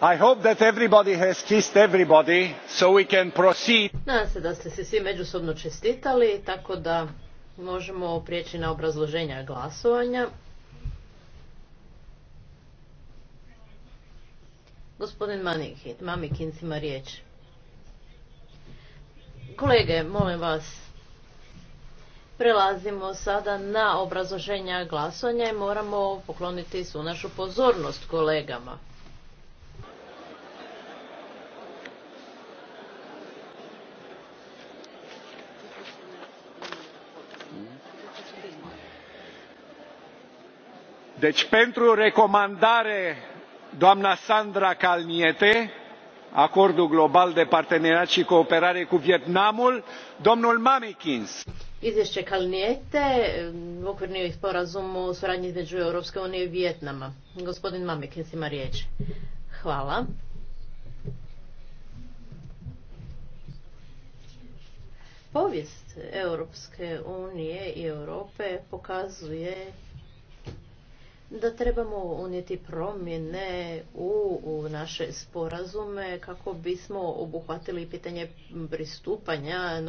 I hope that everybody has kissed everybody so we can proceed. Nadam se da ste se svi međusobno čestitali, tako da možemo prijeći na obrazloženja glasovanja. Gospodin Mamikins Mamikin ima riječ. Kolege, molim vas, prelazimo sada na obrazloženja glasovanja i moramo pokloniti svu našu pozornost kolegama. Deci pentru recomandare doamna Sandra kalniete acordul global de parteneriat și cooperare cu Vietnamul, domnul Mamikins. Izvješće Kalnijete, okvirni sporazum o suradnji između Europske unije i Vijetnama. Gospodin Mamikins ima riječ. Hvala. Povijest Europske unije i Europe pokazuje da trebamo unijeti promjene u, u naše sporazume kako bismo obuhvatili pitanje pristupanja